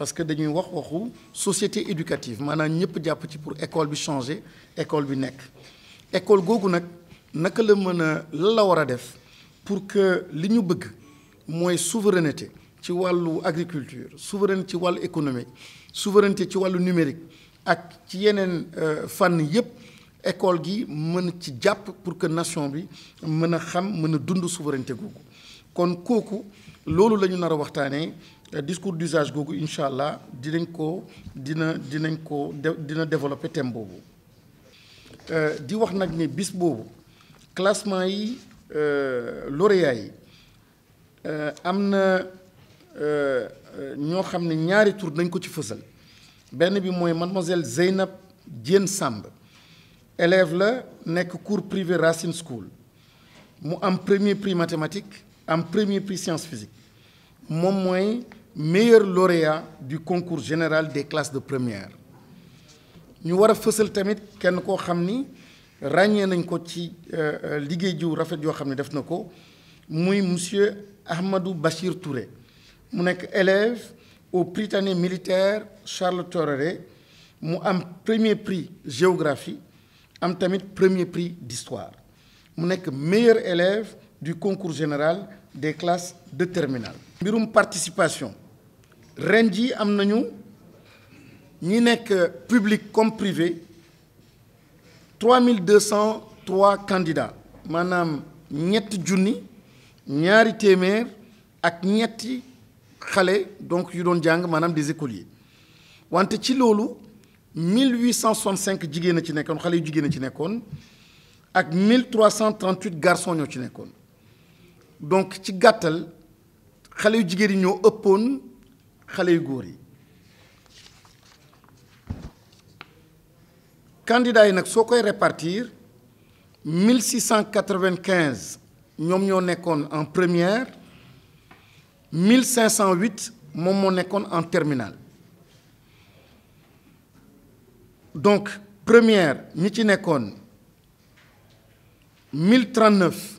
parce que dañuy wax waxu société éducative nous ñëpp jàpp ci pour école bi changer école bi nekk école googu nag naka la mën a la la def pour que li ñu bëgg souveraineté ci wàllu agriculture souveraineté ci wàllu économique souveraineté ci wàllu numérique ak ci yeneen euh, fànn yépp école gi mën ci pour que nation bi mën a xam mën a dund souveraineté googu kon loolu la ñu nar euh, discours d'usage googu incha allah ko dina dinañ ko dina développer euh, classement yi euh, lauréat yi am na ñoo xam ne ñaari tour dañ ko ci mademoiselle Zeynab Diène élève la nekk cours privé Racine School mu premier prix mathématique en premier prix sciences physiques mon moyen meilleur lauréat du concours général des classes de première ñu war a fësal tamit kenn koo xam ni ràññee nañ ko ci euh, euh, liggéey jiw rafet yoo monsieur Ahmadou Bachir Touré mu élève au Prytanée militaire Charles Touré. mu am premier prix géographie am tamit premier prix d'histoire mu meilleur élève du concours général des classes de terminale la participation Rendi avons am nañu ñi public comme privé 3203 candidats Madame ñetti junni ñaari Temer ak ñetti donc yu doon Madame des écoliers wante ci lolu 1865 huit Et jigéen ci nekkon garçons ñoo ci donc ci gàttal xale yu jigéen yi ñoo ëppoon xale 1695 ñoom ñoo en première 1508 moom moo en terminale donc première ñi ci 1039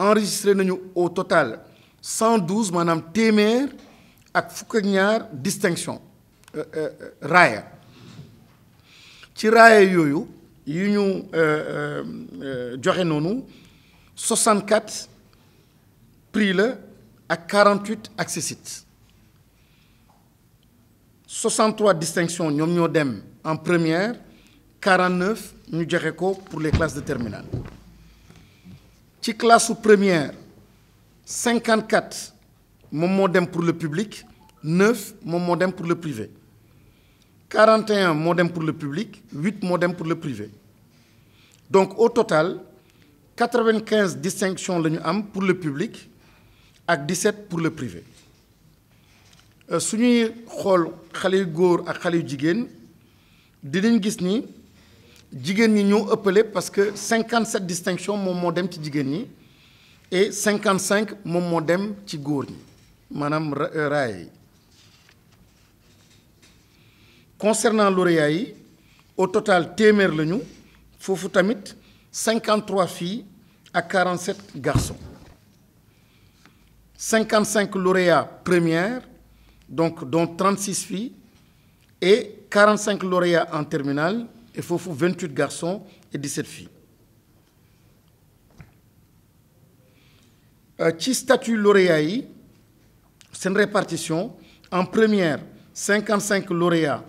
enregistré au total 112 manam Temer à ak distinction euh, euh, euh, raya. ci raya yoyu yu ñu prix le ak 48 63 distinctions en première 49 ñu joxé pour les classes de terminale la classe première 54 mom pour le public 9 modems pour le privé 41 modems pour le public 8 modems pour le privé donc au total 95 distinctions pour le public et 17 pour le privé euh, suñuy xol xalé goor ak jigen ñi parce que 57 distinctions moom moo dem et 55 moom moo dem ci góor euh, concernant lauréats au total téeméer lañu 53 filles à 47 garçons 55 lauréats premières donc dont 36 filles et 45 lauréats en terminale il faut 28 garçons et 17 filles euh, ci statut lauréat c'est une répartition en première 55 lauréats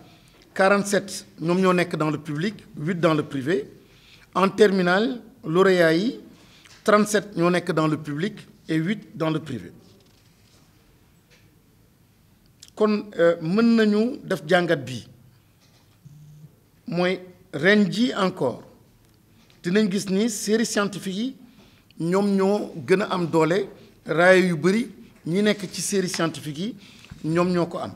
47 sont dans le public 8 dans le privé en terminale lauréat 37 sont dans le public et 8 dans le privé kon euh, nous ren encore dinañ gis ni série scientifique yi ñoom ñoo gën a am doole raaya yu bëri ñi nekk ci série scientifique yi ñoom ñoo ko am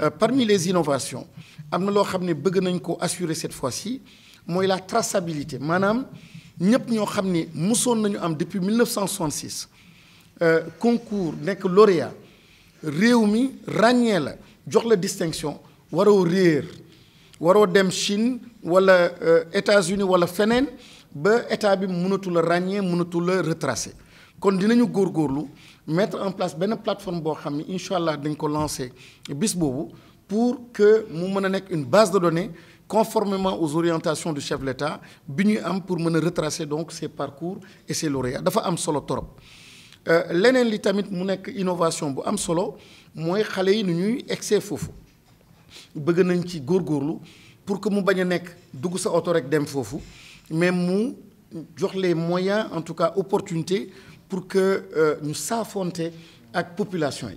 euh, parmi les innovations am na loo xam ne bëgg nañ ko assurer cette fois-ci mooy la traçabilité maanaam ñëpp ñoo xam ne mosoon nañu am depuis 1966 euh, concours nekk lauréat réew mi ràññee la jox la distinction waroo réer waroo dem Chine wala euh, États-Unis wala fenen ba état bi mënatul a ràññee mënatul a retracer kon dinañu gorlu mettre en place ben plateforme bo xamni ne incha dañ ko lancer bis bobu pour que mu mën nek une base de données conformément aux orientations du chef de l'État bi am pour mën retracer donc ses parcours et ses lauréats dafa am solo torop euh, leneen li tamit mu nekk innovation bu am solo mooy xale yi nu ñuy egsee foofu bëgg nañ ci góorgóorlu pour que mu baña nek nekk dugg sa rek dem fofu mais nous, jox les moyens en tout cas opportunité pour que nous avec la population